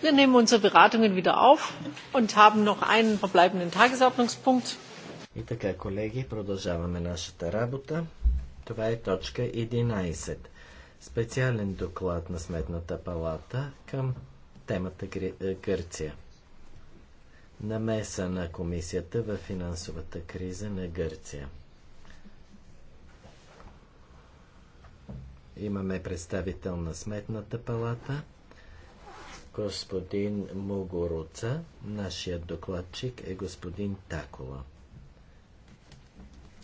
Wir nehmen unsere Beratungen wieder auf und haben noch einen verbleibenden Tagesordnungspunkt. И така, колеги, продължаваме нашата работа. Това е точка 11. Специален доклад на Сметната палата към темата Гърция намеса на комисията в финансовата криза на Гърция. Имаме представител на Сметната палата, господин Могоруца, Нашият докладчик е господин Такола.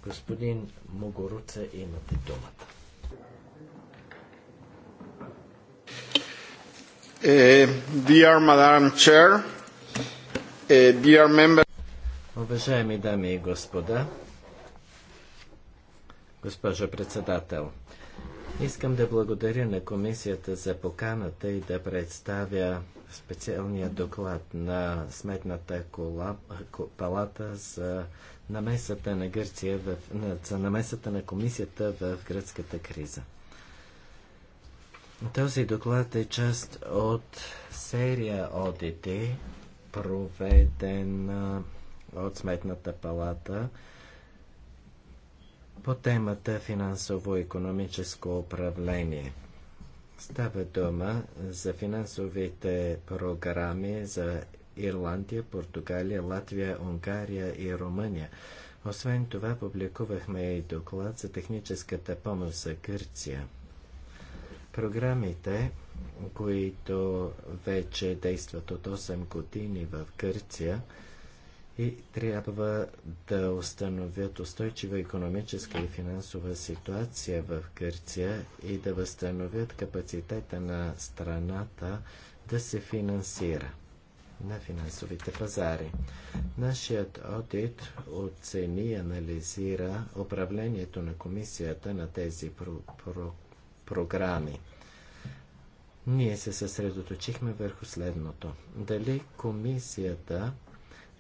Господин Могоруца имате думата. Е, dear Madam Chair, Uh, Уважаеми дами и господа, госпожо председател, искам да благодаря на комисията за поканата и да представя специалния доклад на Сметната палата за намесата на Гърция в, за намесата на комисията в гръцката криза. Този доклад е част от серия одити, проведен от Сметната палата по темата финансово-економическо управление. Става дума за финансовите програми за Ирландия, Португалия, Латвия, Унгария и Румъния. Освен това, публикувахме и доклад за техническата помощ за Гърция. Програмите които вече действат от 8 години в Гърция и трябва да установят устойчива економическа и финансова ситуация в Гърция и да възстановят капацитета на страната да се финансира на финансовите пазари. Нашият одит оцени и анализира управлението на комисията на тези про- про- програми ние се съсредоточихме върху следното. Дали комисията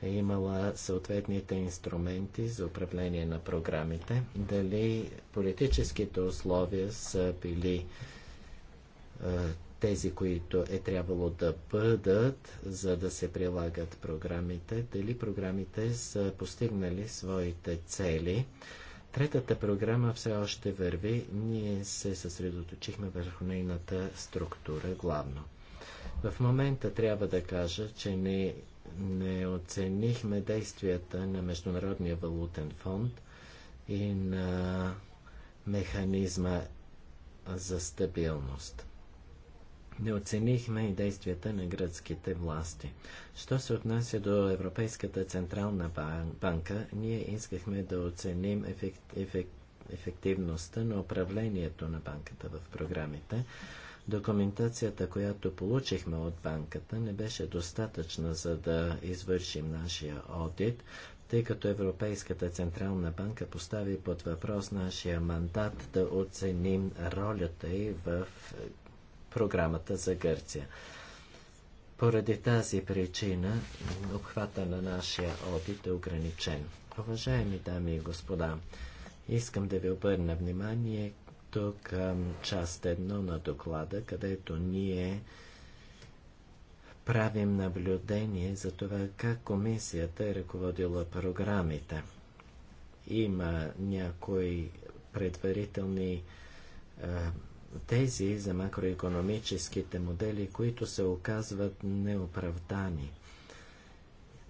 е имала съответните инструменти за управление на програмите, дали политическите условия са били е, тези, които е трябвало да бъдат, за да се прилагат програмите, дали програмите са постигнали своите цели, Третата програма все още върви. Ние се съсредоточихме върху нейната структура главно. В момента трябва да кажа, че не, не оценихме действията на Международния валутен фонд и на механизма за стабилност не оценихме и действията на гръцките власти. Що се отнася до Европейската централна банка, ние искахме да оценим ефект, ефект, ефективността на управлението на банката в програмите. Документацията, която получихме от банката, не беше достатъчна за да извършим нашия одит, тъй като Европейската Централна банка постави под въпрос нашия мандат да оценим ролята й в програмата за Гърция. Поради тази причина обхвата на нашия опит е ограничен. Уважаеми дами и господа, искам да ви обърна внимание тук към част едно на доклада, където ние правим наблюдение за това как комисията е ръководила програмите. Има някои предварителни е, тези за макроекономическите модели, които се оказват неоправдани.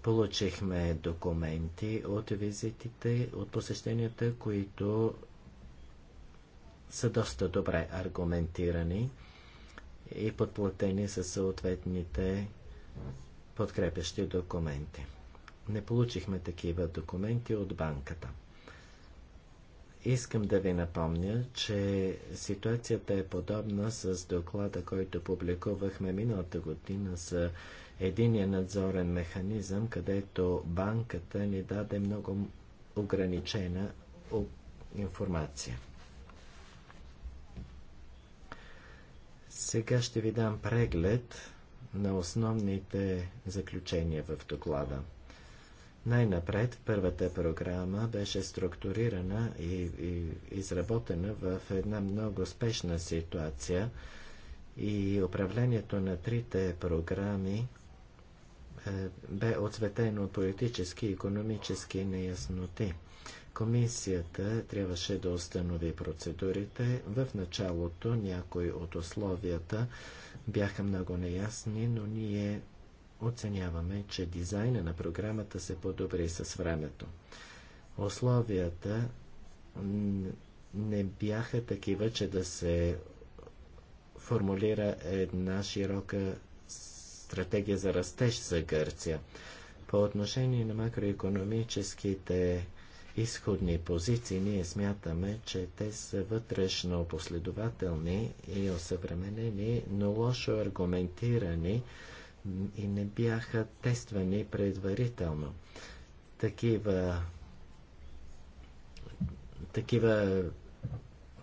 Получихме документи от визитите, от посещенията, които са доста добре аргументирани и подплатени със съответните подкрепящи документи. Не получихме такива документи от банката. Искам да ви напомня, че ситуацията е подобна с доклада, който публикувахме миналата година за единия надзорен механизъм, където банката ни даде много ограничена информация. Сега ще ви дам преглед на основните заключения в доклада. Най-напред, първата програма беше структурирана и, и изработена в една много спешна ситуация и управлението на трите програми е, бе отцветено от политически и економически неясноти. Комисията трябваше да установи процедурите. В началото някои от условията бяха много неясни, но ние оценяваме, че дизайна на програмата се подобри с времето. Условията не бяха такива, че да се формулира една широка стратегия за растеж за Гърция. По отношение на макроекономическите изходни позиции, ние смятаме, че те са вътрешно последователни и осъвременени, но лошо аргументирани и не бяха тествани предварително. Такива, такива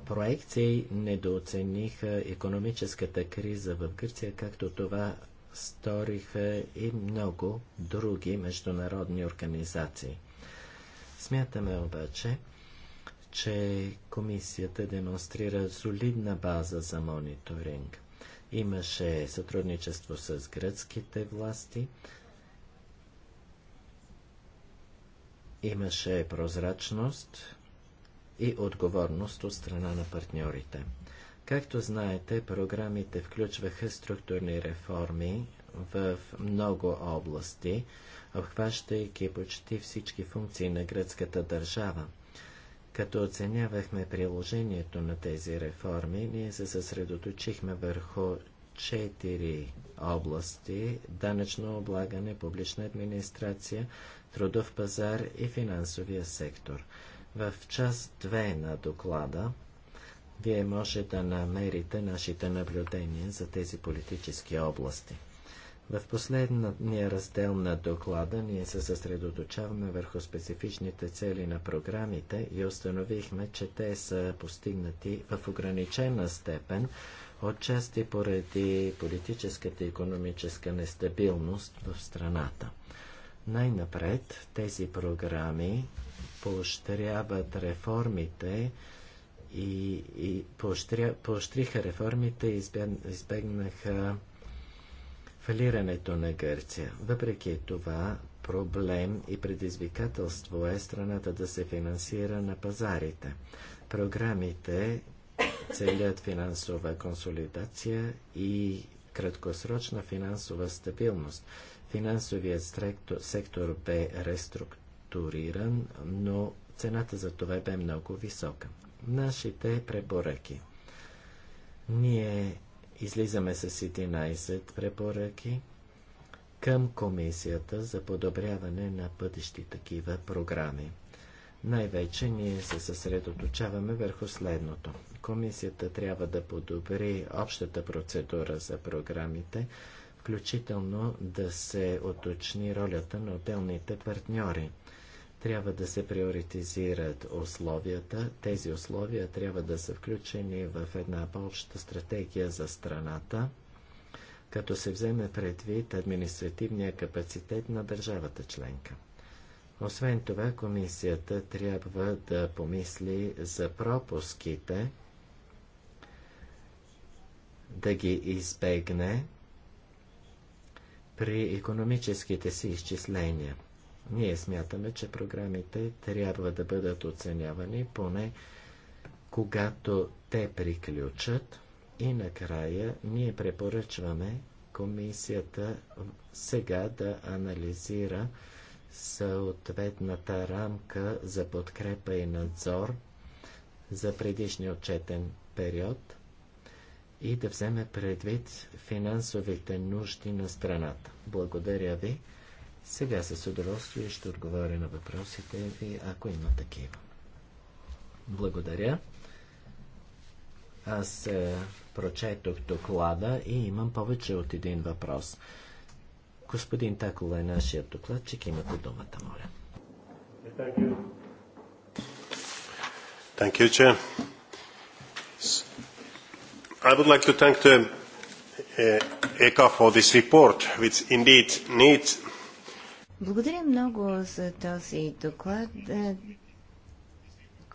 проекции недооцениха економическата криза в Гърция, както това сториха и много други международни организации. Смятаме обаче, че комисията демонстрира солидна база за мониторинг. Имаше сътрудничество с гръцките власти. Имаше прозрачност и отговорност от страна на партньорите. Както знаете, програмите включваха структурни реформи в много области, обхващайки почти всички функции на гръцката държава. Като оценявахме приложението на тези реформи, ние се съсредоточихме върху четири области – данъчно облагане, публична администрация, трудов пазар и финансовия сектор. В част 2 на доклада вие може да намерите нашите наблюдения за тези политически области. В последния раздел на доклада ние се съсредоточаваме върху специфичните цели на програмите и установихме, че те са постигнати в ограничена степен, отчасти поради политическата и економическа нестабилност в страната. Най-напред тези програми поощряват реформите и, и поощря, поощриха реформите и избегнаха фалирането на Гърция. Въпреки това, проблем и предизвикателство е страната да се финансира на пазарите. Програмите целят финансова консолидация и краткосрочна финансова стабилност. Финансовият сектор, бе реструктуриран, но цената за това бе много висока. Нашите пребореки. Ние Излизаме с 11 препоръки към комисията за подобряване на пътищи такива програми. Най-вече ние се съсредоточаваме върху следното. Комисията трябва да подобри общата процедура за програмите, включително да се оточни ролята на отделните партньори. Трябва да се приоритизират условията. Тези условия трябва да са включени в една по-обща стратегия за страната, като се вземе предвид административния капацитет на държавата членка. Освен това, комисията трябва да помисли за пропуските, да ги избегне при економическите си изчисления. Ние смятаме, че програмите трябва да бъдат оценявани поне когато те приключат и накрая ние препоръчваме комисията сега да анализира съответната рамка за подкрепа и надзор за предишния отчетен период и да вземе предвид финансовите нужди на страната. Благодаря ви. Сега с удоволствие ще отговоря на въпросите ви, ако има такива. Благодаря. Аз е, прочетох доклада и имам повече от един въпрос. Господин Такола е нашия докладчик. Имате думата, моля. Thank you. Thank you, Chair. I would like to thank the uh, ECA for this report, which indeed needs благодаря много за този доклад, е,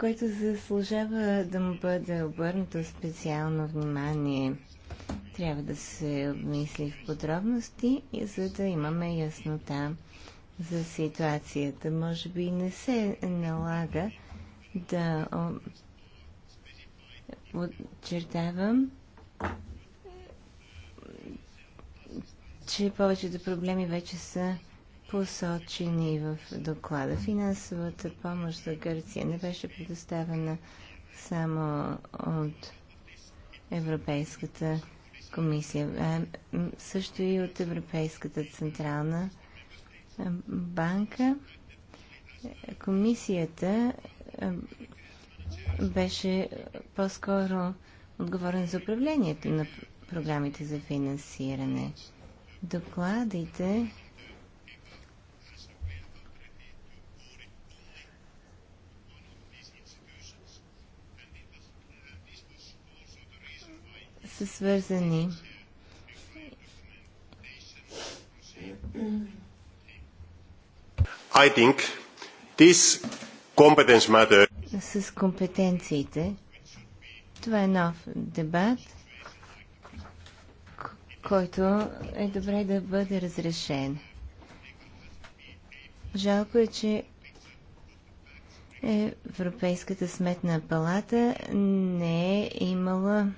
който заслужава да му бъде обърнато специално внимание. Трябва да се обмисли в подробности, за да имаме яснота за ситуацията. Може би не се налага да подчертавам, че повечето проблеми вече са посочени в доклада. Финансовата помощ за Гърция не беше предоставена само от Европейската комисия, а също и от Европейската централна банка. Комисията беше по-скоро отговорен за управлението на програмите за финансиране. Докладите са свързани I think this competence matter с компетенциите. Това е нов дебат, който е добре да бъде разрешен. Жалко е, че Европейската сметна палата не е имала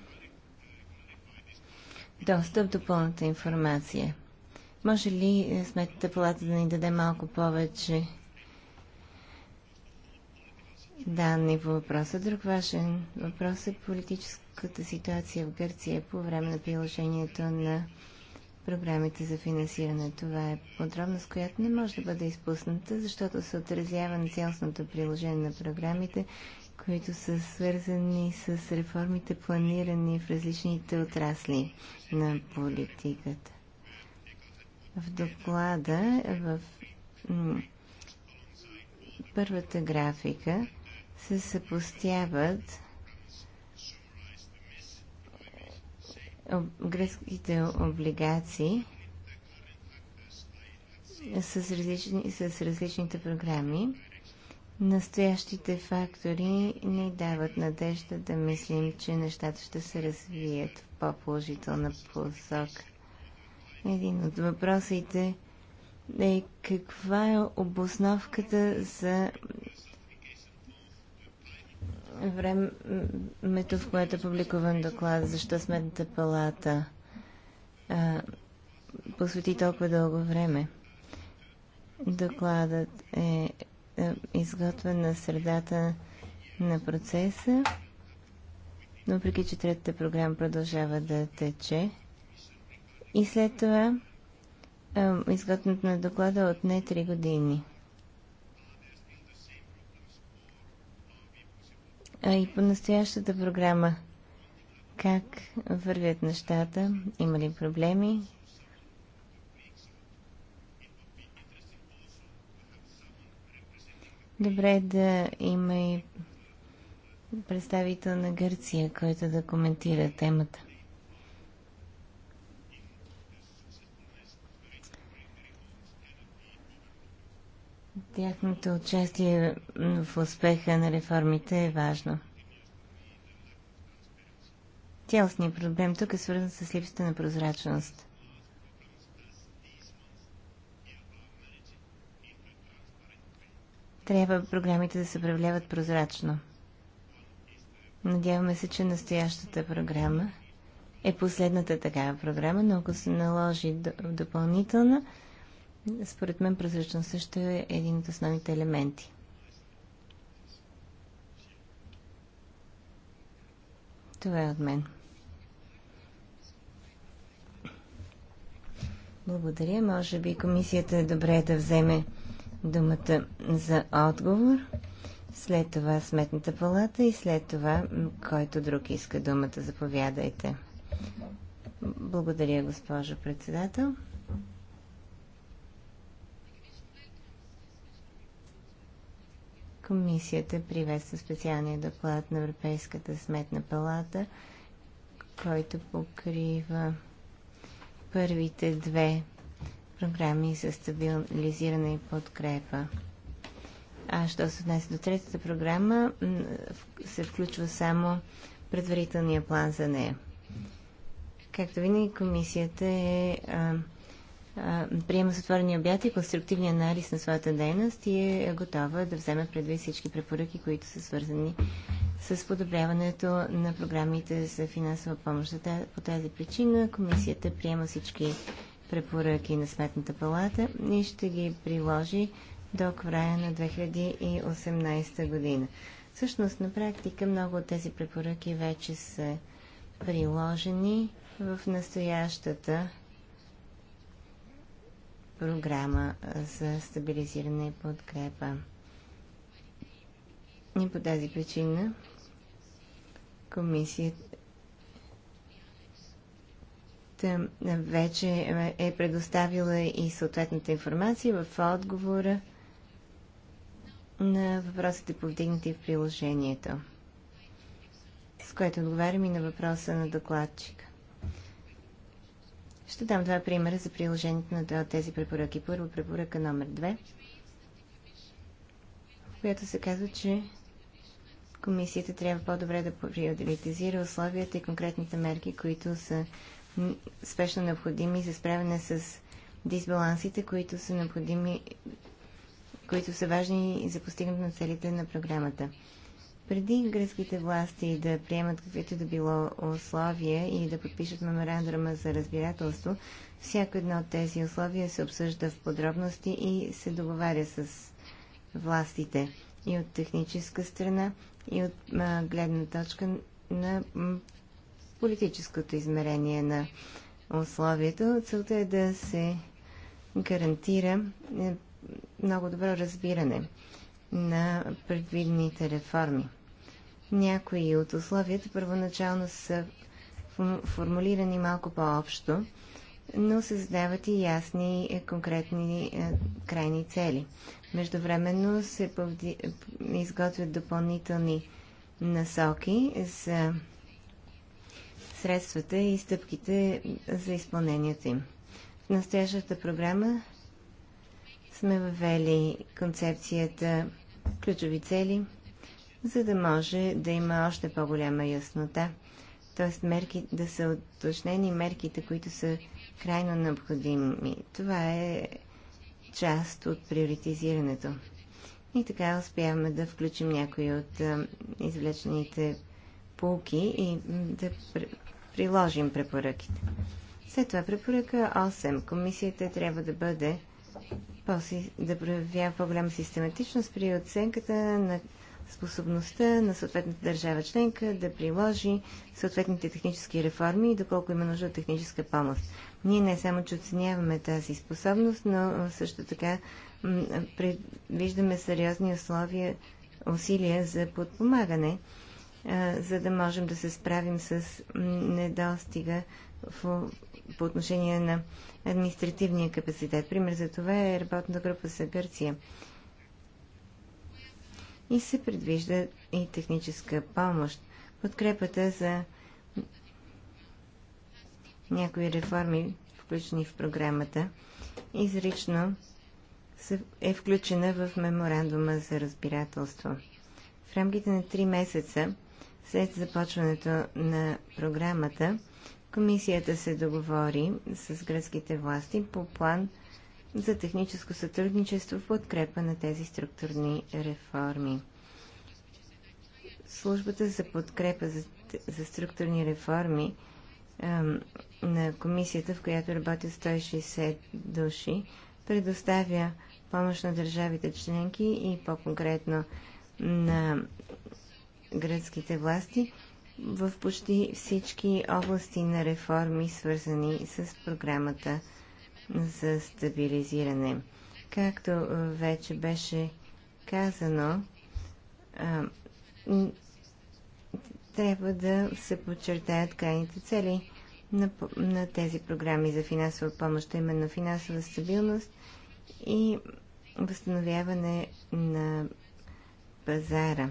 достъп до пълната информация. Може ли е, сметната палата да ни даде малко повече данни по въпроса? Друг важен въпрос е политическата ситуация в Гърция по време на приложението на програмите за финансиране. Това е подробност, която не може да бъде изпусната, защото се отразява на цялостното приложение на програмите които са свързани с реформите, планирани в различните отрасли на политиката. В доклада, в първата графика, се съпостяват гръцките облигации с, различни, с различните програми Настоящите фактори ни дават надежда да мислим, че нещата ще се развият в по-положителна посока. Един от въпросите е каква е обосновката за времето, в което е публикуван доклад, защо сметната палата а, посвети толкова дълго време. Докладът е е, изготвен на средата на процеса, но въпреки че третата програма продължава да тече. И след това е, изготвянето на доклада отне 3 години. А и по настоящата програма как вървят нещата? Има ли проблеми? Добре е да има и представител на Гърция, който да коментира темата. Тяхното участие в успеха на реформите е важно. Тялостният проблем тук е свързан с липсата на прозрачност. Трябва програмите да се управляват прозрачно. Надяваме се, че настоящата програма е последната такава програма, но ако се наложи допълнителна, според мен прозрачно също е един от основните елементи. Това е от мен. Благодаря. Може би комисията е добре да вземе думата за отговор. След това Сметната палата и след това който друг иска думата, заповядайте. Благодаря, госпожо председател. Комисията приветства специалния доклад на Европейската сметна палата, който покрива първите две програми за стабилизиране и подкрепа. А що се отнесе до третата програма, се включва само предварителния план за нея. Както винаги, комисията е, а, а, приема затворени обяти и конструктивни анализ на своята дейност и е готова да вземе предвид всички препоръки, които са свързани с подобряването на програмите за финансова помощ. По тази причина комисията приема всички препоръки на Сметната палата и ще ги приложи до края на 2018 година. Всъщност, на практика много от тези препоръки вече са приложени в настоящата програма за стабилизиране и подкрепа. И по тази причина комисията вече е предоставила и съответната информация в отговора на въпросите повдигнати в приложението, с което отговарям и на въпроса на докладчика. Ще дам два примера за приложението на тези препоръки. Първо препоръка номер 2, в която се казва, че комисията трябва по-добре да приоритизира условията и конкретните мерки, които са спешно необходими за справяне с дисбалансите, които са необходими, които са важни за постигнат на целите на програмата. Преди гръцките власти да приемат каквито да било условия и да подпишат меморандума за разбирателство, всяко едно от тези условия се обсъжда в подробности и се договаря с властите и от техническа страна, и от а, гледна точка на политическото измерение на условието. Целта е да се гарантира е, много добро разбиране на предвидните реформи. Някои от условията първоначално са формулирани малко по-общо, но се задават и ясни е, конкретни е, крайни цели. Междувременно се повди... изготвят допълнителни насоки за средствата и стъпките за изпълнението им. В настоящата програма сме въвели концепцията ключови цели, за да може да има още по-голяма яснота, т.е. Мерки, да са уточнени мерките, които са крайно необходими. Това е част от приоритизирането. И така успяваме да включим някои от извлечените полки и да приложим препоръките. След това препоръка 8. Комисията трябва да бъде да проявява по-голяма систематичност при оценката на способността на съответната държава членка да приложи съответните технически реформи и доколко има нужда от техническа помощ. Ние не само, че оценяваме тази способност, но също така предвиждаме сериозни условия, усилия за подпомагане за да можем да се справим с недостига в, по отношение на административния капацитет. Пример за това е работна група за Гърция. И се предвижда и техническа помощ. Подкрепата за някои реформи, включени в програмата, изрично е включена в меморандума за разбирателство. В рамките на 3 месеца след започването на програмата, комисията се договори с гръцките власти по план за техническо сътрудничество в подкрепа на тези структурни реформи. Службата за подкрепа за, за структурни реформи ем, на комисията, в която работят 160 души, предоставя помощ на държавите членки и по-конкретно на гръцките власти в почти всички области на реформи, свързани с програмата за стабилизиране. Както вече беше казано, трябва да се подчертаят крайните цели на, на тези програми за финансова помощ, именно финансова стабилност и възстановяване на пазара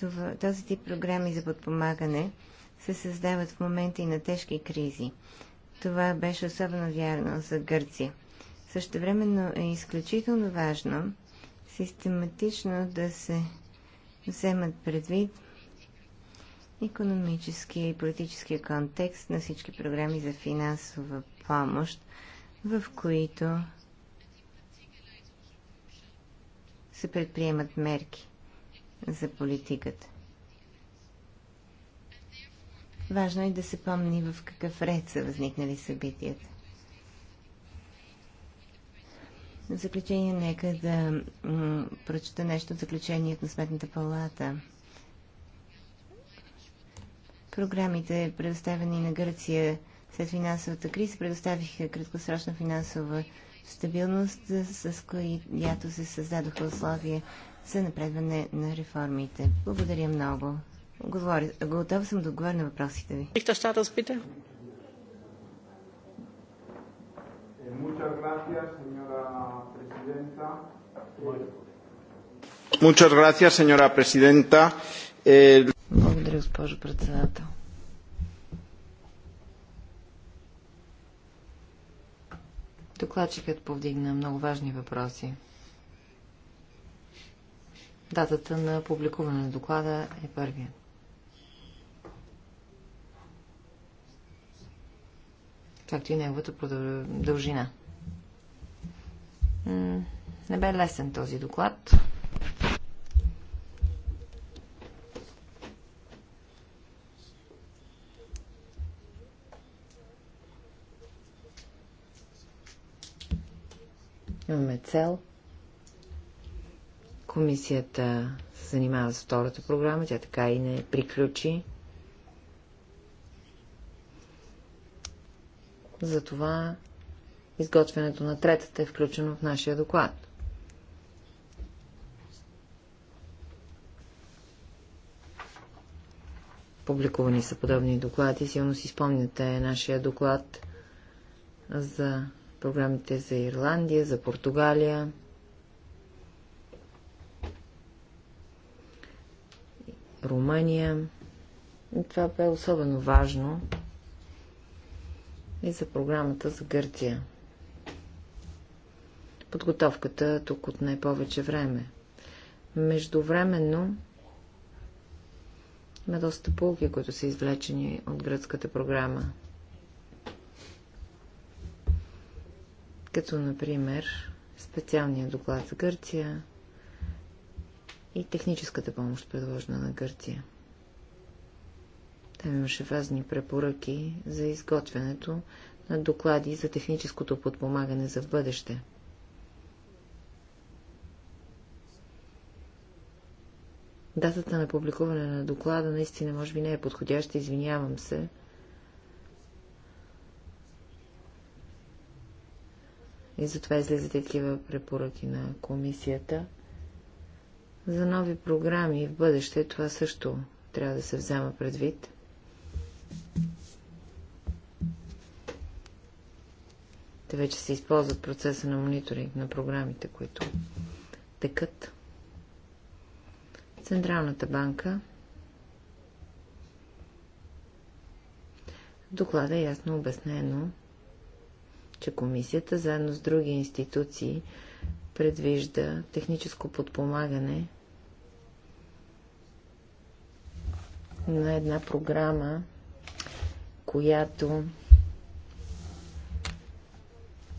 това, този тип програми за подпомагане се създават в момента и на тежки кризи. Това беше особено вярно за Гърция. Също времено е изключително важно систематично да се вземат предвид економическия и политическия контекст на всички програми за финансова помощ, в които се предприемат мерки за политиката. Важно е да се помни в какъв ред са възникнали събитията. В заключение, нека да прочета нещо от заключението на Сметната палата. Програмите, предоставени на Гърция след финансовата криза, предоставиха краткосрочна финансова стабилност, с която се създадоха условия за напредване на реформите. Благодаря много. Говори, готова съм да отговоря на въпросите ви. Muchas gracias, señora presidenta. Благодаря, госпожо председател. Докладчикът повдигна много важни въпроси. Датата на публикуване на доклада е първия. Както и неговата дължина. Не бе лесен този доклад. Имаме цел – Комисията се занимава с втората програма, тя така и не приключи. Затова изготвянето на третата е включено в нашия доклад. Публикувани са подобни доклади. Силно си спомняте нашия доклад за програмите за Ирландия, за Португалия. Румъния. И това бе особено важно и за програмата за Гърция. Подготовката тук най повече време. Междувременно има доста полки, които са извлечени от гръцката програма. Като, например, специалния доклад за Гърция – и техническата помощ, предложена на Гърция. Там имаше разни препоръки за изготвянето на доклади за техническото подпомагане за бъдеще. Датата на публикуване на доклада наистина може би не е подходяща, извинявам се. И затова излезе такива препоръки на комисията – за нови програми в бъдеще. Това също трябва да се взема предвид. Те вече се използват процеса на мониторинг на програмите, които текат. Централната банка. Доклада е ясно обяснено, че комисията заедно с други институции предвижда техническо подпомагане на една програма, която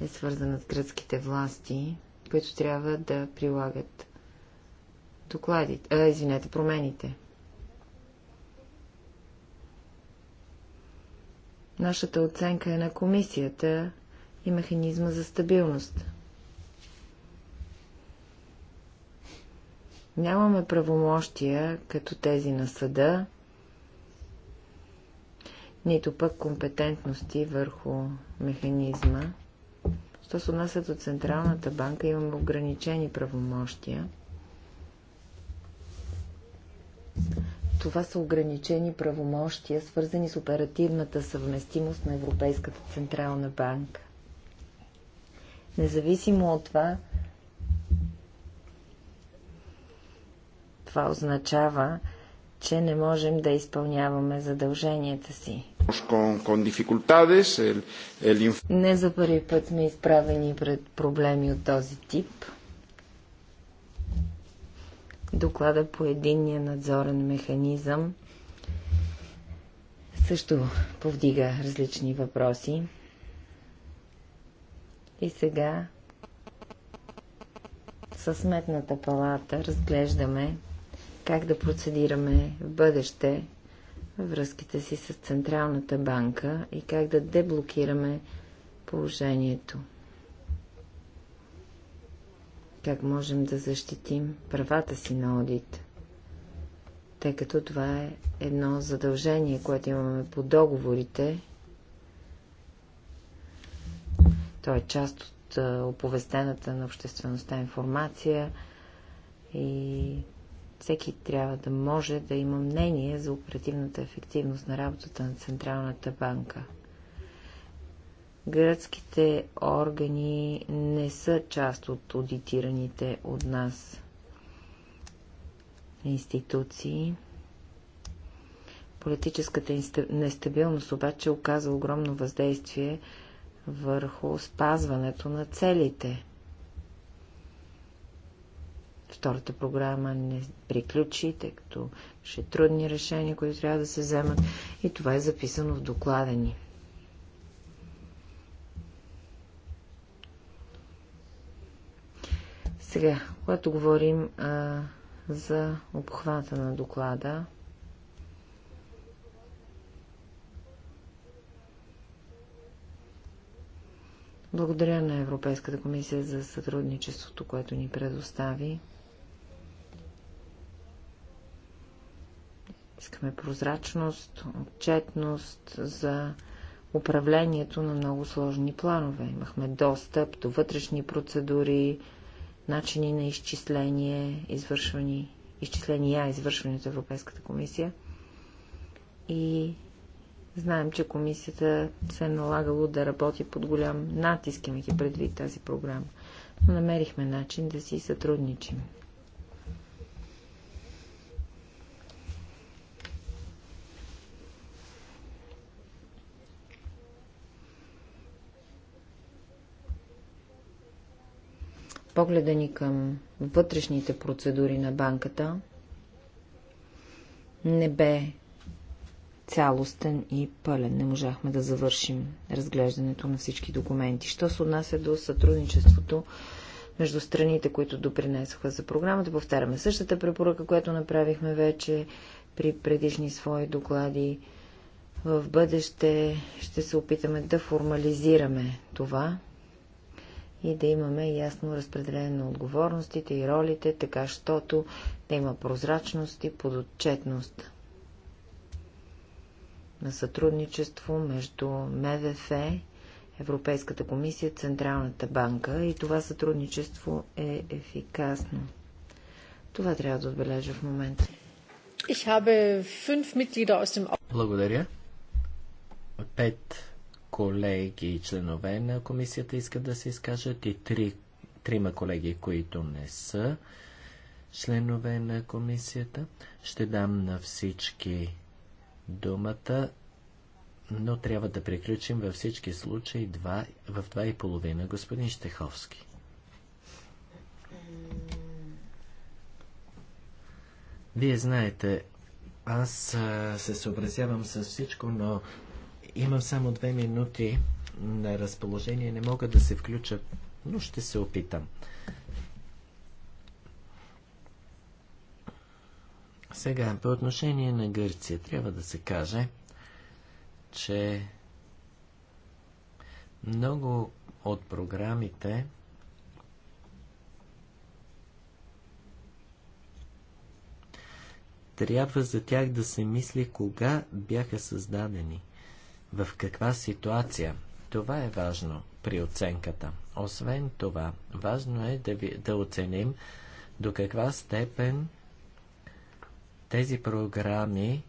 е свързана с гръцките власти, които трябва да прилагат докладите, а, извинете, промените. Нашата оценка е на комисията и механизма за стабилност. Нямаме правомощия, като тези на съда, нито пък компетентности върху механизма. Що се отнася до Централната банка, имаме ограничени правомощия. Това са ограничени правомощия, свързани с оперативната съвместимост на Европейската Централна банка. Независимо от това, това означава, че не можем да изпълняваме задълженията си. Не за първи път сме изправени пред проблеми от този тип. Доклада по единния надзорен механизъм също повдига различни въпроси. И сега със Сметната палата разглеждаме как да процедираме в бъдеще връзките си с Централната банка и как да деблокираме положението. Как можем да защитим правата си на одит, тъй като това е едно задължение, което имаме по договорите. То е част от оповестената на обществеността информация и всеки трябва да може да има мнение за оперативната ефективност на работата на Централната банка. Гръцките органи не са част от аудитираните от нас институции. Политическата нестабилност обаче оказа огромно въздействие върху спазването на целите Втората програма не приключи, тъй като ще трудни решения, които трябва да се вземат. И това е записано в доклада ни. Сега, когато говорим а, за обхвата на доклада, благодаря на Европейската комисия за сътрудничеството, което ни предостави. Имахме прозрачност, отчетност за управлението на много сложни планове. Имахме достъп до вътрешни процедури, начини на изчисление, извършвани, изчисления, извършвани от Европейската комисия. И знаем, че комисията се е налагало да работи под голям натиск, имайки предвид тази програма. Но намерихме начин да си сътрудничим. погледа ни към вътрешните процедури на банката не бе цялостен и пълен. Не можахме да завършим разглеждането на всички документи. Що се отнася до сътрудничеството между страните, които допринесоха за програмата, повтаряме същата препоръка, която направихме вече при предишни свои доклади. В бъдеще ще се опитаме да формализираме това, и да имаме ясно разпределение на отговорностите и ролите, така щото да има прозрачност и подотчетност на сътрудничество между МВФ, Европейската комисия, Централната банка и това сътрудничество е ефикасно. Това трябва да отбележа в момента. Благодаря. Пет колеги и членове на комисията искат да се изкажат и три, трима колеги, които не са членове на комисията. Ще дам на всички думата, но трябва да приключим във всички случаи два, в два и половина. Господин Штеховски. Вие знаете, аз се съобразявам с всичко, но Имам само две минути на разположение. Не мога да се включа, но ще се опитам. Сега, по отношение на Гърция, трябва да се каже, че много от програмите трябва за тях да се мисли кога бяха създадени в каква ситуация. Това е важно при оценката. Освен това, важно е да, ви, да оценим до каква степен тези програми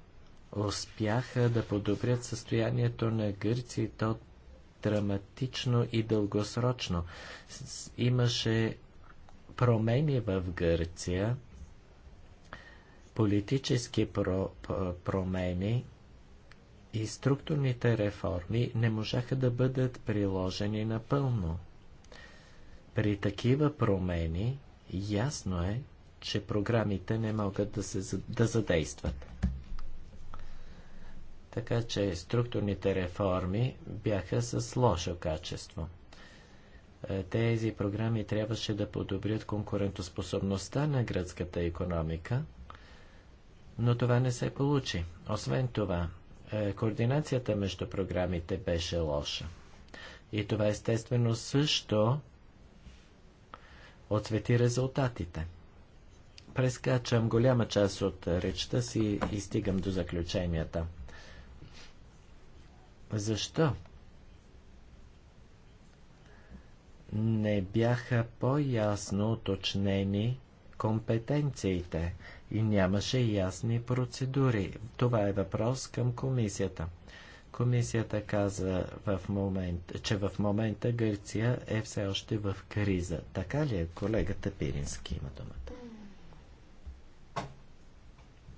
успяха да подобрят състоянието на Гърция то драматично и дългосрочно. Имаше промени в Гърция, политически про, промени, и структурните реформи не можаха да бъдат приложени напълно. При такива промени ясно е, че програмите не могат да, се, да задействат. Така че структурните реформи бяха с лошо качество. Е, тези програми трябваше да подобрят конкурентоспособността на гръцката економика, но това не се получи. Освен това, е, координацията между програмите беше лоша. И това естествено също отсвети резултатите. Прескачам голяма част от речта си и стигам до заключенията. Защо? Не бяха по-ясно уточнени компетенциите и нямаше ясни процедури. Това е въпрос към комисията. Комисията каза в момент, че в момента Гърция е все още в криза. Така ли е? Колегата Пирински има думата.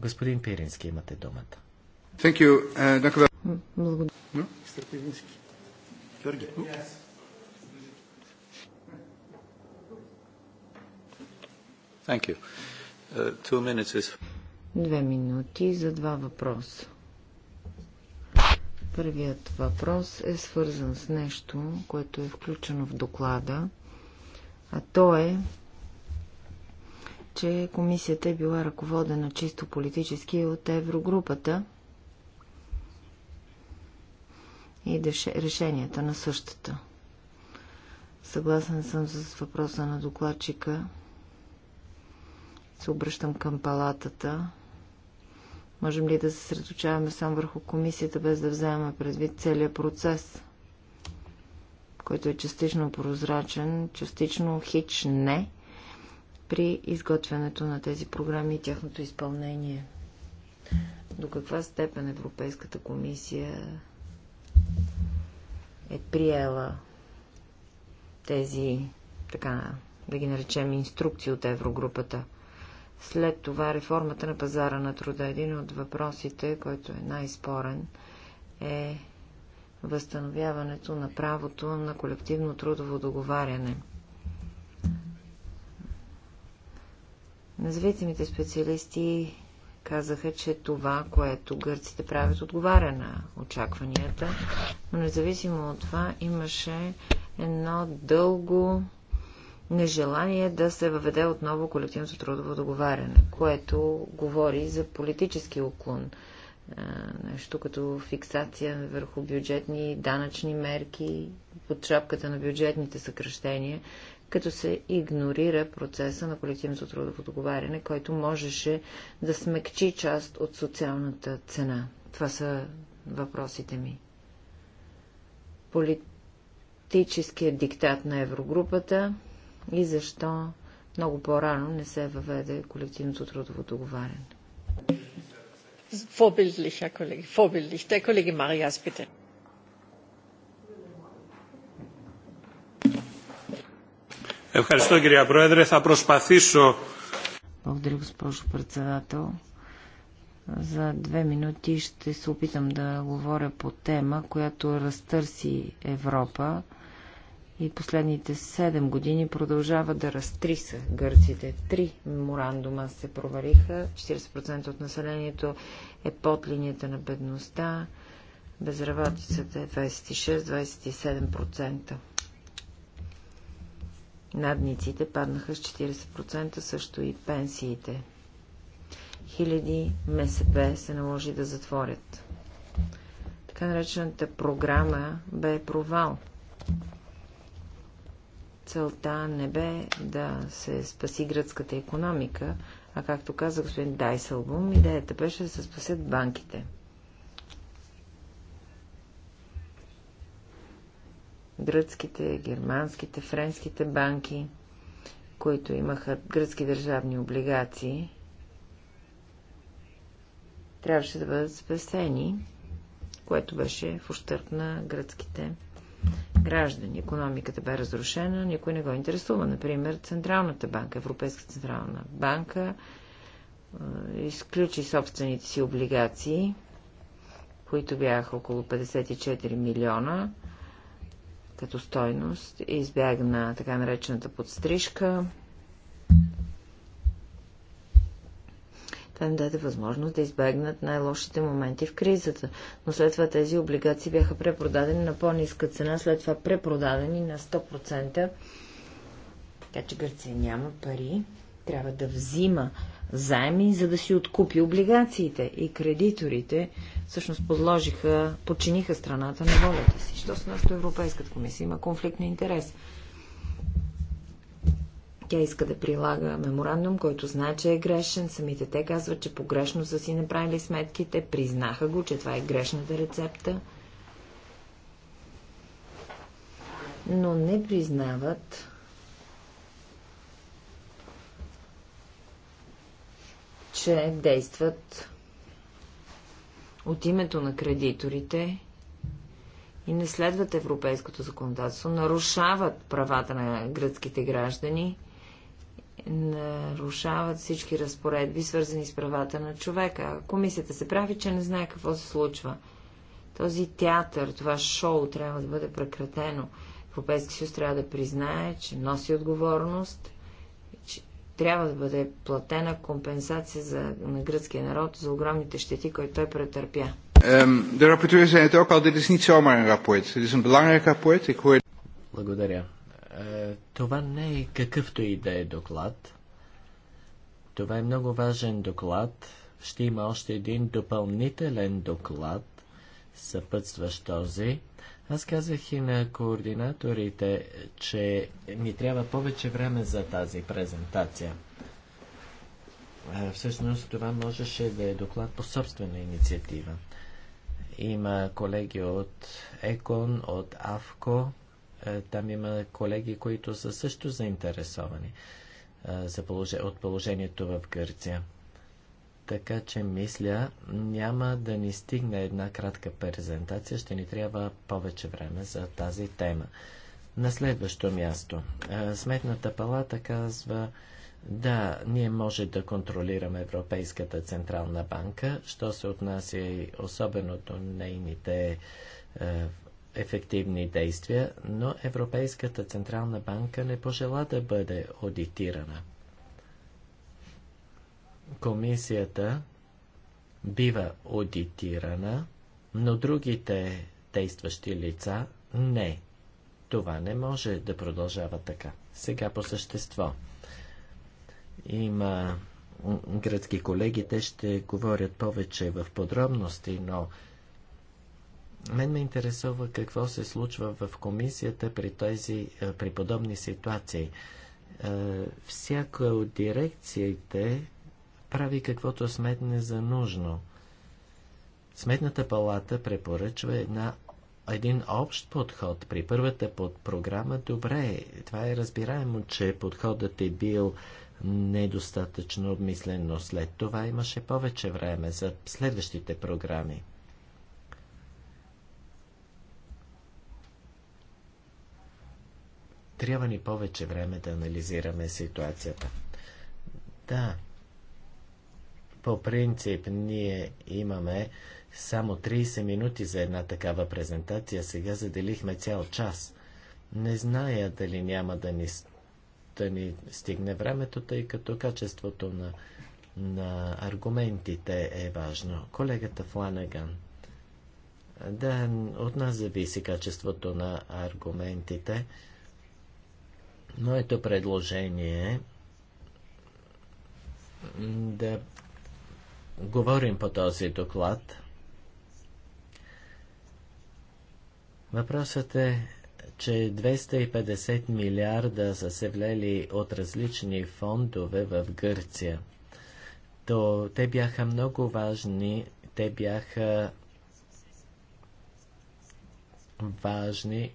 Господин Пирински, имате думата. Thank you. Uh, Благодаря. Thank you. Uh, Две минути за два въпроса. Първият въпрос е свързан с нещо, което е включено в доклада, а то е, че комисията е била ръководена чисто политически от Еврогрупата и решенията на същата. Съгласен съм с въпроса на докладчика, се обръщам към палатата. Можем ли да се средочаваме само върху комисията, без да вземем предвид целият процес, който е частично прозрачен, частично хич не, при изготвянето на тези програми и тяхното изпълнение? До каква степен Европейската комисия е приела тези, така да ги наречем, инструкции от Еврогрупата? След това реформата на пазара на труда. Един от въпросите, който е най-спорен, е възстановяването на правото на колективно трудово договаряне. Независимите специалисти казаха, че това, което гърците правят, отговаря на очакванията, но независимо от това имаше едно дълго нежелание да се въведе отново колективното трудово договаряне, което говори за политически уклон. Нещо като фиксация върху бюджетни данъчни мерки под шапката на бюджетните съкръщения, като се игнорира процеса на колективното трудово договаряне, който можеше да смекчи част от социалната цена. Това са въпросите ми. Политическият диктат на Еврогрупата и защо много по-рано не се въведе колективното трудово договаряне. Vorbildlich, Herr Kollege, vorbildlich. Der Kollege Marias, bitte. Ευχαριστώ, κυρία Πρόεδρε. Θα προσπαθήσω... Благодаря, госпожо председател. За две минути ще се опитам да говоря по тема, която разтърси Европа и последните 7 години продължава да разтриса гърците. Три меморандума се провалиха, 40% от населението е под линията на бедността, безработицата е 26-27%. Надниците паднаха с 40%, също и пенсиите. Хиляди МСП се наложи да затворят. Така наречената програма бе провал целта не бе да се спаси гръцката економика, а както каза господин Дайселбум, идеята беше да се спасят банките. Гръцките, германските, френските банки, които имаха гръцки държавни облигации, трябваше да бъдат спасени, което беше в ущърп на гръцките граждани. Економиката бе разрушена, никой не го интересува. Например, Централната банка, Европейска Централна банка, изключи собствените си облигации, които бяха около 54 милиона като стойност, избягна така наречената подстрижка, да им даде възможност да избегнат най-лошите моменти в кризата. Но след това тези облигации бяха препродадени на по-ниска цена, след това препродадени на 100%. Така че Гърция няма пари, трябва да взима заеми, за да си откупи облигациите. И кредиторите всъщност подложиха, подчиниха страната на волята си. Що с нашата Европейската комисия? Има конфликт на интерес. Тя иска да прилага меморандум, който знае, че е грешен. Самите те казват, че погрешно са си направили сметките. Признаха го, че това е грешната рецепта. Но не признават, че действат от името на кредиторите и не следват европейското законодателство, нарушават правата на гръцките граждани – нарушават всички разпоредби, свързани с правата на човека. Комисията се прави, че не знае какво се случва. Този театър, това шоу трябва да бъде прекратено. Европейски съюз трябва да признае, че носи отговорност, че трябва да бъде платена компенсация за, на гръцкия народ за огромните щети, които той претърпя. De rapporteur zei het ook al, dit is niet zomaar een rapport. Dit is een belangrijk rapport. Ik hoor... Благодаря. Е, това не е какъвто и да е доклад. Това е много важен доклад. Ще има още един допълнителен доклад, съпътстващ този. Аз казах и на координаторите, че ни трябва повече време за тази презентация. Е, всъщност това можеше да е доклад по собствена инициатива. Има колеги от ЕКОН, от АВКО, е, там има колеги, които са също заинтересовани е, за полож... от положението в Гърция. Така че мисля, няма да ни стигне една кратка презентация, ще ни трябва повече време за тази тема. На следващо място. Е, Сметната палата казва, да, ние може да контролираме Европейската централна банка, що се отнася и особено до нейните е, ефективни действия, но Европейската Централна банка не пожела да бъде аудитирана. Комисията бива аудитирана, но другите действащи лица не. Това не може да продължава така. Сега по същество. Има гръцки колеги, те ще говорят повече в подробности, но мен ме интересува какво се случва в комисията при, тези, е, при подобни ситуации. Е, всяка от дирекциите прави каквото сметне за нужно. Сметната палата препоръчва една, един общ подход. При първата под програма добре, това е разбираемо, че подходът е бил недостатъчно обмислен, но след това имаше повече време за следващите програми. Трябва ни повече време да анализираме ситуацията. Да, по принцип ние имаме само 30 минути за една такава презентация, сега заделихме цял час. Не зная дали няма да ни, да ни стигне времето, тъй като качеството на, на аргументите е важно. Колегата Фланаган. Да, от нас зависи качеството на аргументите. Моето предложение е да говорим по този доклад. Въпросът е, че 250 милиарда са се влели от различни фондове в Гърция. То те бяха много важни, те бяха важни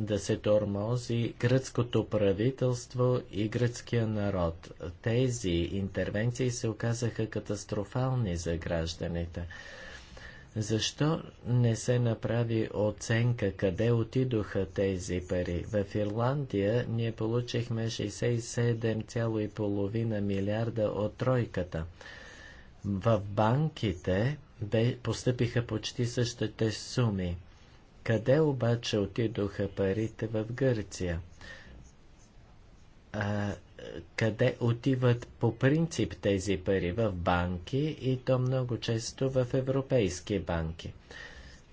да се тормози гръцкото правителство и гръцкия народ. Тези интервенции се оказаха катастрофални за гражданите. Защо не се направи оценка къде отидоха тези пари? В Ирландия ние получихме 67,5 милиарда от тройката. В банките постъпиха почти същите суми. Къде обаче отидоха парите в Гърция? А, къде отиват по принцип тези пари в банки и то много често в европейски банки.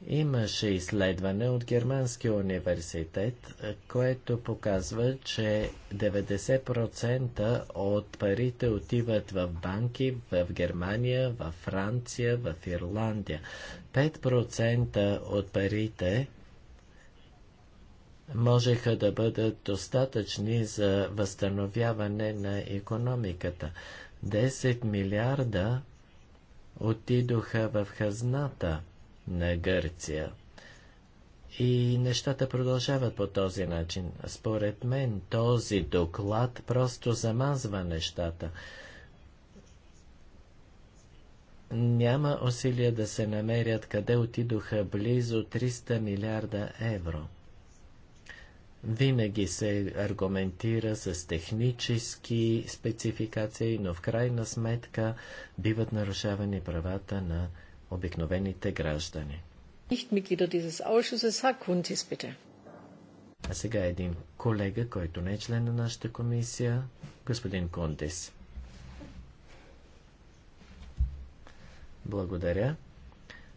Имаше изследване от Германския университет, е, което показва, че 90% от парите отиват в банки в Германия, в Франция, в Ирландия. 5% от парите можеха да бъдат достатъчни за възстановяване на економиката. 10 милиарда отидоха в хазната – на Гърция. И нещата продължават по този начин. Според мен този доклад просто замазва нещата. Няма усилия да се намерят къде отидоха близо 300 милиарда евро. Винаги се аргументира с технически спецификации, но в крайна сметка биват нарушавани правата на обикновените граждани. А сега е един колега, който не е член на нашата комисия, господин Кондес. Благодаря.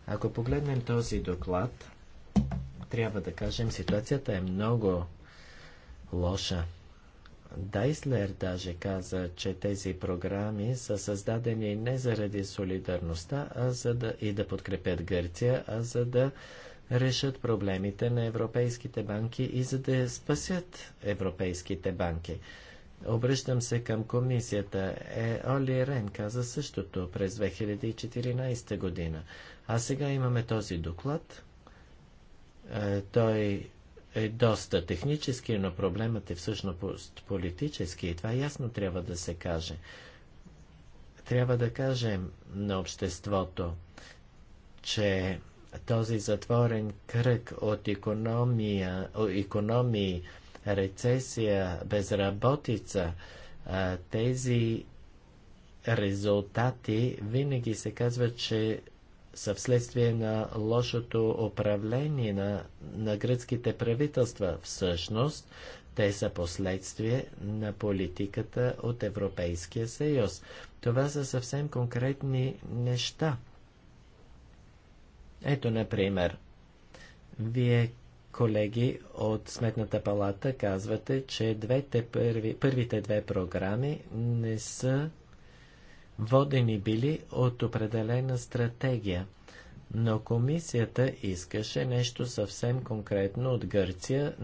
Ако погледнем този доклад, трябва да кажем, ситуацията е много лоша. Дайслер даже каза, че тези програми са създадени не заради солидарността, а за да и да подкрепят Гърция, а за да решат проблемите на европейските банки и за да спасят европейските банки. Обръщам се към комисията. Е, Оли Рен каза същото през 2014 година. А сега имаме този доклад. Е, той е доста технически, е, но проблемът е всъщност политически и това ясно трябва да се каже. Трябва да кажем на обществото, че този затворен кръг от економия, економии, рецесия, безработица, тези резултати винаги се казва, че са вследствие на лошото управление на, на гръцките правителства. Всъщност, те са последствие на политиката от Европейския съюз. Това са съвсем конкретни неща. Ето, например, вие, колеги от Сметната палата, казвате, че двете първи, първите две програми не са водени били от определена стратегия. Но комисията искаше нещо съвсем конкретно от Гърция,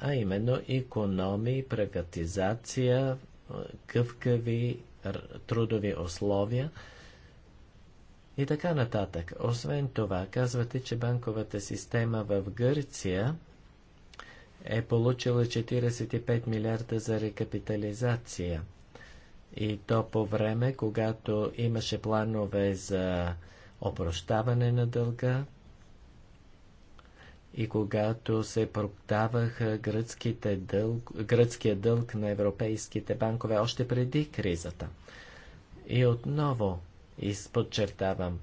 а именно економии, прагатизация, къвкави трудови условия и така нататък. Освен това, казвате, че банковата система в Гърция е получила 45 милиарда за рекапитализация – и то по време, когато имаше планове за опрощаване на дълга и когато се продаваха гръцките дълг, гръцкия дълг на европейските банкове още преди кризата. И отново изподчертавам,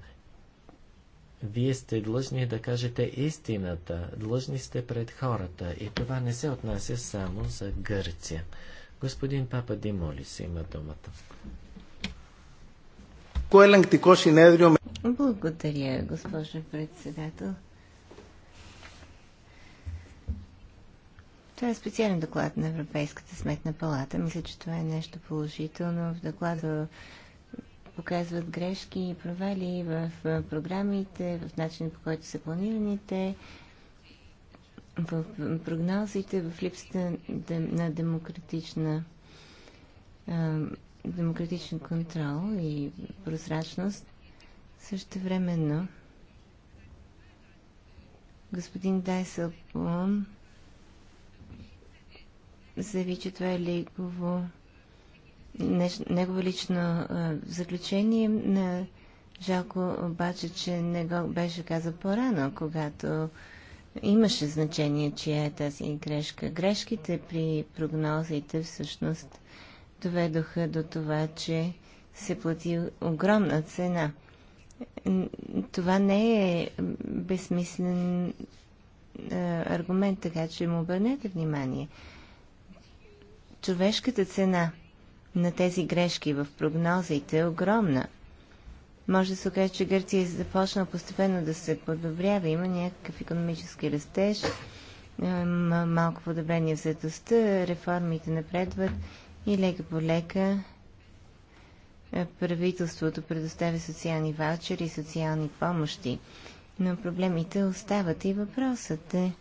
вие сте длъжни да кажете истината, длъжни сте пред хората и това не се отнася само за Гърция. Господин Папа Димолис има думата. Благодаря, госпожа председател. Това е специален доклад на Европейската сметна палата. Мисля, че това е нещо положително. В доклада показват грешки и провали в програмите, в начин по който са планираните в прогнозите, в липсата на демократична демократичен контрол и прозрачност, също времено господин Дайселплум заяви, че това е легово негово лично заключение. На жалко обаче, че не го беше казал по-рано, когато имаше значение, чия е тази грешка. Грешките при прогнозите всъщност доведоха до това, че се плати огромна цена. Това не е безсмислен аргумент, така че му обърнете внимание. Човешката цена на тези грешки в прогнозите е огромна – може да се окаже, че Гърция е започнала постепенно да се подобрява. Има някакъв економически растеж, е, малко подобрение в заедостта, реформите напредват и лека по лека е, правителството предоставя социални ваучери и социални помощи. Но проблемите остават и въпросът е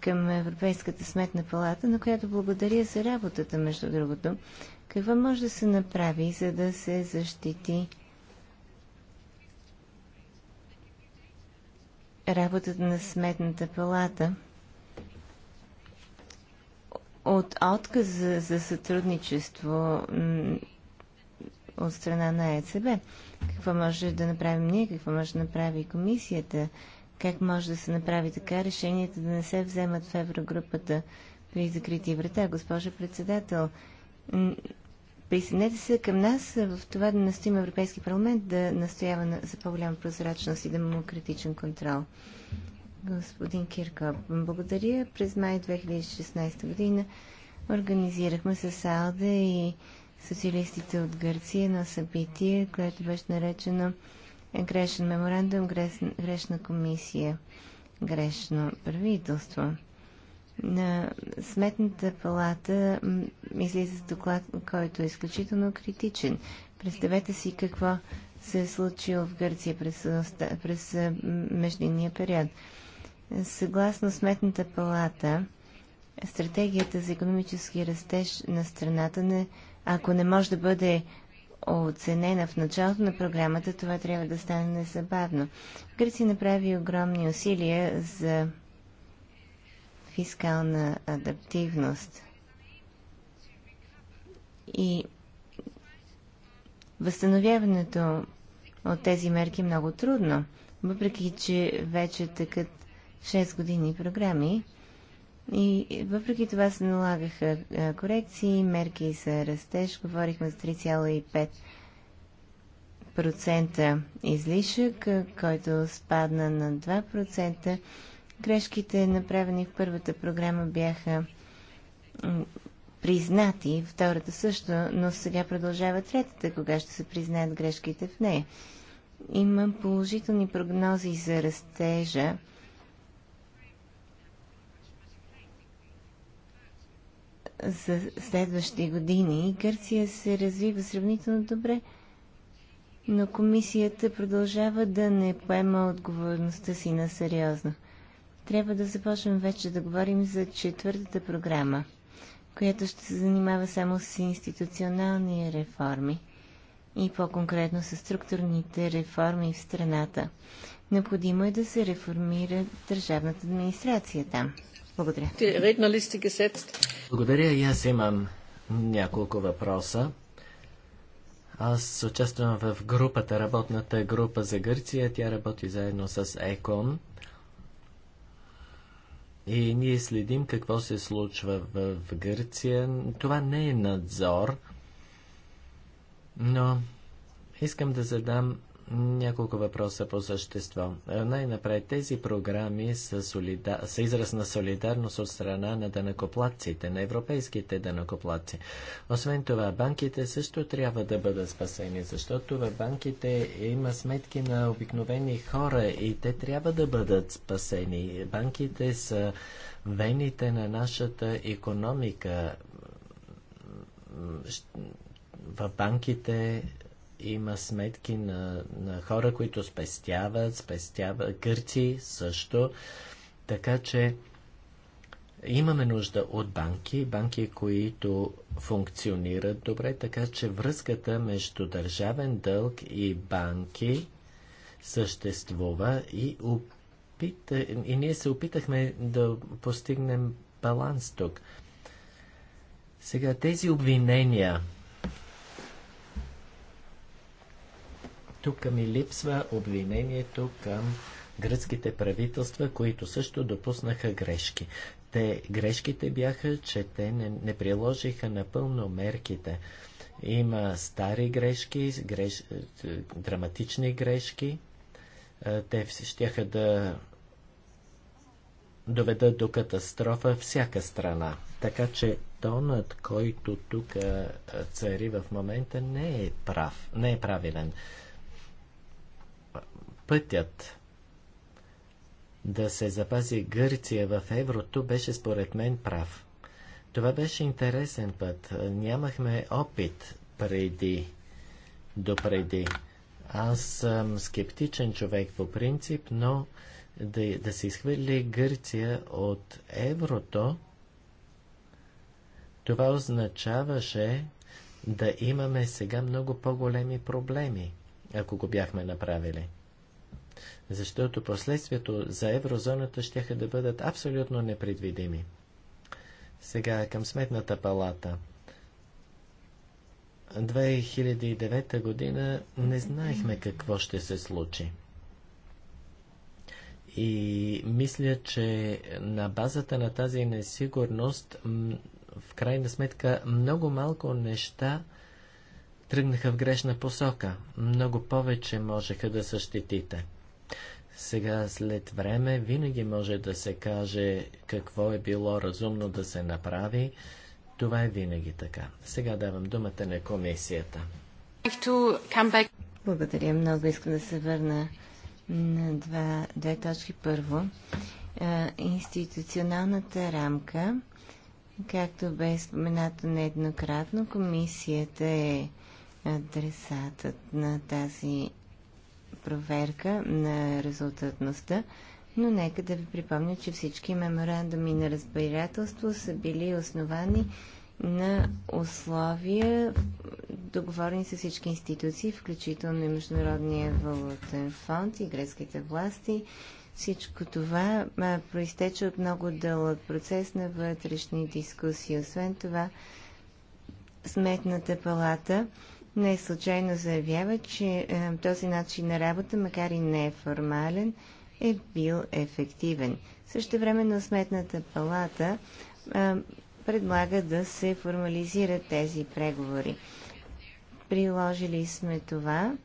към Европейската сметна палата, на която благодаря за работата, между другото. Какво може да се направи, за да се защити работата на Сметната палата от отказа за сътрудничество от страна на ЕЦБ. Какво може да направим ние, какво може да направи комисията, как може да се направи така решението да не се вземат в еврогрупата при закрити врата. Госпожа председател, Присъединете се към нас в това да настоим Европейски парламент да настоява за по-голяма прозрачност и демократичен контрол. Господин Кирка, благодаря. През май 2016 година организирахме с Алде и социалистите от Гърция на събитие, което беше наречено грешен меморандум, грешна комисия, грешно правителство на Сметната палата излиза доклад, който е изключително критичен. Представете си какво се е случило в Гърция през, през междинния период. Съгласно Сметната палата, стратегията за економически растеж на страната, не, ако не може да бъде оценена в началото на програмата, това трябва да стане незабавно. Гърция направи огромни усилия за фискална адаптивност и възстановяването от тези мерки е много трудно, въпреки че вече такът 6 години програми и въпреки това се налагаха корекции, мерки за растеж, говорихме за 3,5% излишък, който спадна на 2% грешките, направени в първата програма, бяха признати, втората също, но сега продължава третата, кога ще се признаят грешките в нея. Има положителни прогнози за растежа. за следващи години. Гърция се развива сравнително добре, но комисията продължава да не поема отговорността си на сериозно трябва да започнем вече да говорим за четвъртата програма, която ще се занимава само с институционални реформи и по-конкретно с структурните реформи в страната. Необходимо е да се реформира държавната администрация там. Благодаря. Благодаря и аз имам няколко въпроса. Аз участвам в групата, работната група за Гърция. Тя работи заедно с ЕКОН. И ние следим какво се случва в, Гърция. Това не е надзор, но искам да задам няколко въпроса по същество. Е, най-напред тези програми са, солида... са израз на солидарност от страна на данакоплаците, на европейските данакоплаци. Освен това, банките също трябва да бъдат спасени, защото в банките има сметки на обикновени хора и те трябва да бъдат спасени. Банките са вените на нашата економика. В банките има сметки на, на хора, които спестяват, спестяват гърци също. Така че имаме нужда от банки, банки, които функционират добре, така че връзката между държавен дълг и банки съществува и, опита... и ние се опитахме да постигнем баланс тук. Сега тези обвинения тук ми липсва обвинението към гръцките правителства, които също допуснаха грешки. Те, грешките бяха, че те не, не приложиха напълно мерките. Има стари грешки, греш, драматични грешки. Те щяха да доведат до катастрофа всяка страна. Така че тонът, който тук цари в момента, не е прав, не е правилен пътят да се запази Гърция в еврото беше според мен прав. Това беше интересен път. Нямахме опит преди, допреди. Аз съм скептичен човек по принцип, но да, да се изхвърли Гърция от еврото, това означаваше да имаме сега много по-големи проблеми, ако го бяхме направили защото последствието за еврозоната ще да бъдат абсолютно непредвидими. Сега към сметната палата. 2009 година не знаехме какво ще се случи. И мисля, че на базата на тази несигурност, в крайна сметка, много малко неща тръгнаха в грешна посока. Много повече можеха да същитите. Сега след време винаги може да се каже какво е било разумно да се направи. Това е винаги така. Сега давам думата на комисията. Благодаря много. Искам да се върна на два, две точки. Първо, е, институционалната рамка, както бе споменато нееднократно, комисията е адресатът на тази проверка на резултатността, но нека да ви припомня, че всички меморандуми на разбирателство са били основани на условия, договорени с всички институции, включително и Международния валутен фонд и гръцките власти. Всичко това проистече от много дълъг процес на вътрешни дискусии. Освен това, Сметната палата не случайно заявява, че е, този начин на работа, макар и не е формален, е бил ефективен. Също време на Сметната палата е, предлага да се формализират тези преговори. Приложили сме това.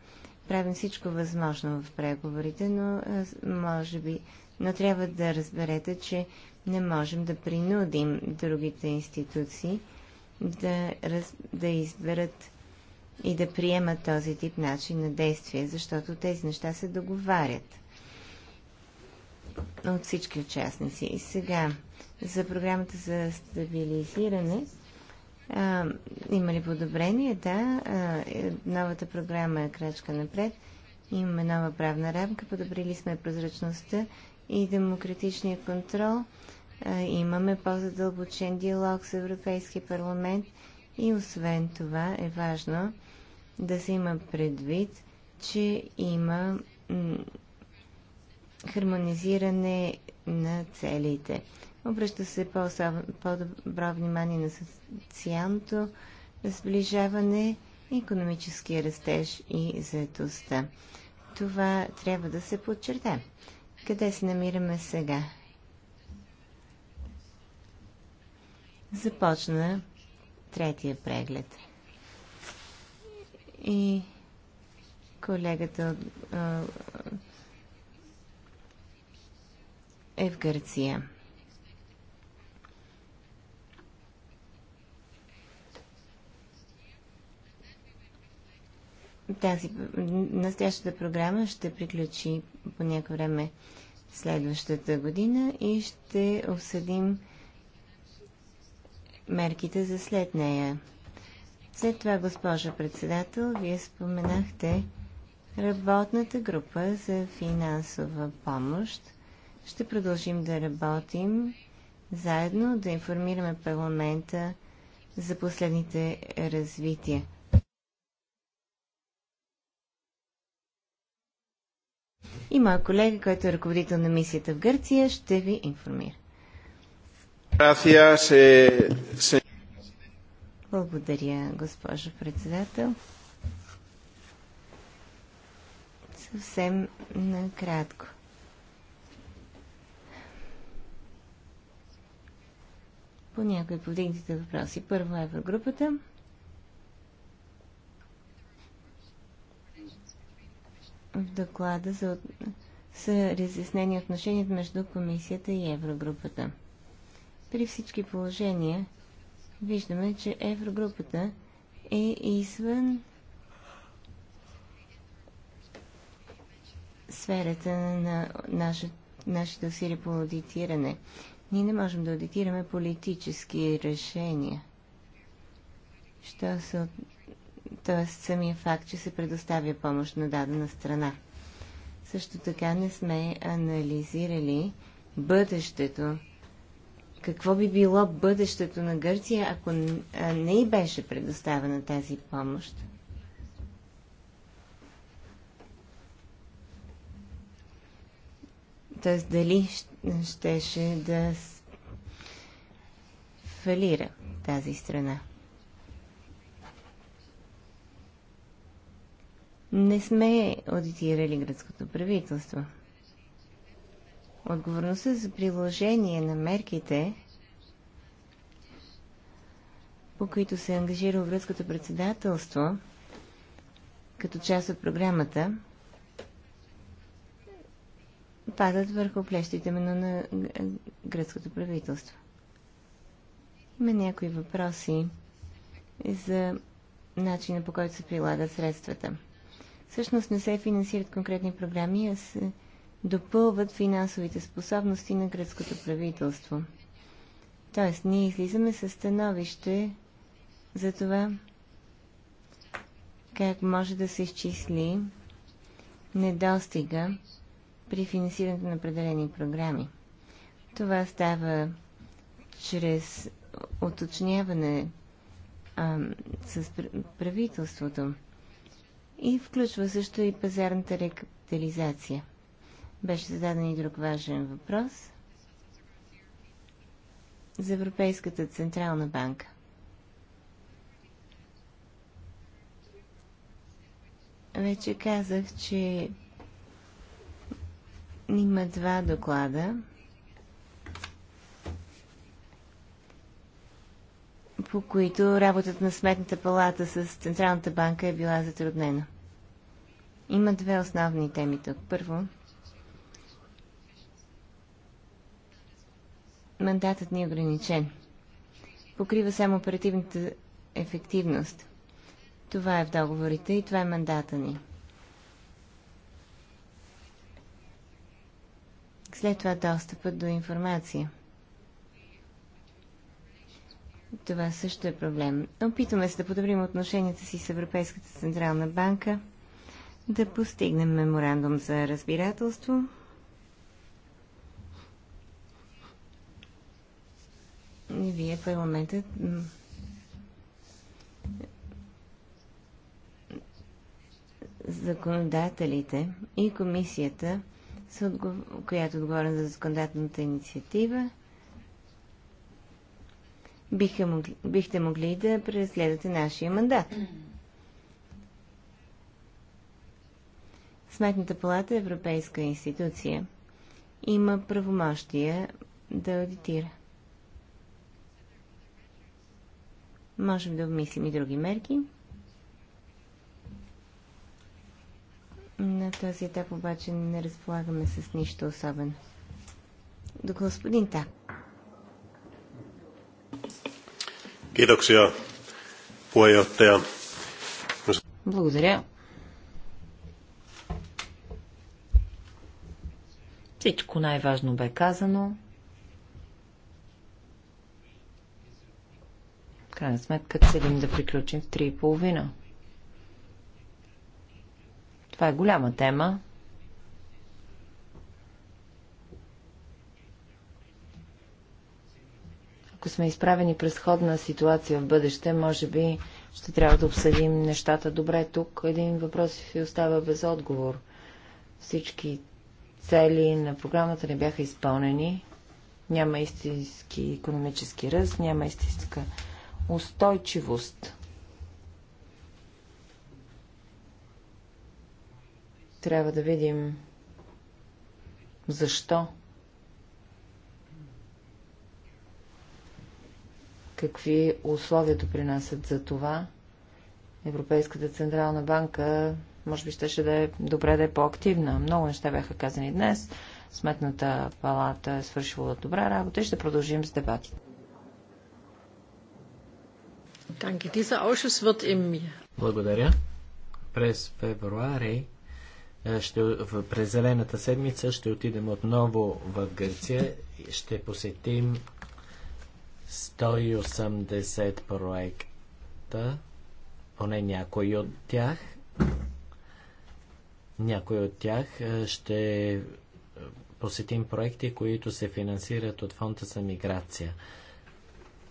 Правим всичко възможно в преговорите, но е, може би, но трябва да разберете, че не можем да принудим другите институции да, раз, да изберат и да приемат този тип начин на действие, защото тези неща се договарят от всички участници. И сега, за програмата за стабилизиране, а, има ли подобрение? Да, а, е, новата програма е крачка напред. Имаме нова правна рамка, подобрили сме прозрачността и демократичния контрол. А, имаме по-задълбочен диалог с Европейския парламент и освен това е важно да се има предвид, че има хармонизиране на целите. Обръща се по-добро внимание на социалното сближаване, економическия растеж и заедостта. Това трябва да се подчерта. Къде се намираме сега? Започна третия преглед и колегата е в Гърция. Тази настоящата програма ще приключи по някакво време следващата година и ще обсъдим мерките за след нея. След това, госпожа председател, вие споменахте работната група за финансова помощ. Ще продължим да работим заедно, да информираме парламента за последните развития. И моя колега, който е ръководител на мисията в Гърция, ще ви информира. Gracias, eh, благодаря, госпожо председател. Съвсем накратко. По някои повдигнатите въпроси. Първо е в групата. В доклада за са разяснени отношенията между комисията и еврогрупата. При всички положения виждаме, че еврогрупата е извън сферата на нашето нашите усилия по аудитиране. Ние не можем да аудитираме политически решения. Що се от... Тоест самия факт, че се предоставя помощ на дадена страна. Също така не сме анализирали бъдещето какво би било бъдещето на Гърция, ако не й беше предоставена тази помощ? Тоест, дали щеше да фалира тази страна? Не сме аудитирали гръцкото правителство. Отговорността за приложение на мерките, по които се ангажира връзката председателство, като част от програмата, падат върху плещите именно на гръцкото правителство. Има някои въпроси за начина по който се прилагат средствата. Всъщност не се финансират конкретни програми, а се допълват финансовите способности на гръцкото правителство. Тоест, ние излизаме със становище за това как може да се изчисли недостига при финансирането на определени програми. Това става чрез уточняване а, с правителството и включва също и пазарната рекапитализация. Беше зададен и друг важен въпрос за Европейската Централна банка. Вече казах, че има два доклада. по които работата на Сметната палата с Централната банка е била затруднена. Има две основни теми тук. Първо, мандатът ни е ограничен. Покрива само оперативната ефективност. Това е в договорите и това е мандата ни. След това достъпът до информация. Това също е проблем. Опитваме се да подобрим отношенията си с Европейската Централна банка, да постигнем меморандум за разбирателство. вие парламентът законодателите и комисията, която е отговоря за законодателната инициатива, могли, бихте могли да преследвате нашия мандат. Сметната палата е европейска институция. Има правомощия да аудитира. Можем да обмислим и други мерки. На този етап обаче не разполагаме с нищо особено. До господин Та. Благодаря. Всичко най-важно бе казано. крайна сметка целим да приключим в 3.30. Това е голяма тема. Ако сме изправени през ходна ситуация в бъдеще, може би ще трябва да обсъдим нещата добре. Тук един въпрос ви остава без отговор. Всички цели на програмата не бяха изпълнени. Няма истински економически ръст, няма истинска устойчивост. Трябва да видим защо. Какви условия допринасят за това? Европейската централна банка може би щеше да е добре да е по-активна. Много неща бяха казани днес. Сметната палата е свършила добра работа и ще продължим с дебатите. Благодаря. През февруари е, ще, през зелената седмица ще отидем отново в Гърция. Ще посетим 180 проекта, поне някои от тях. Някои от тях е, ще посетим проекти, които се финансират от Фонда за миграция.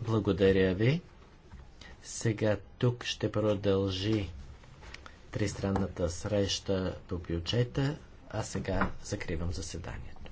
Благодаря ви. Сега тук ще продължи тристранната среща по бюджета, а сега закривам заседанието.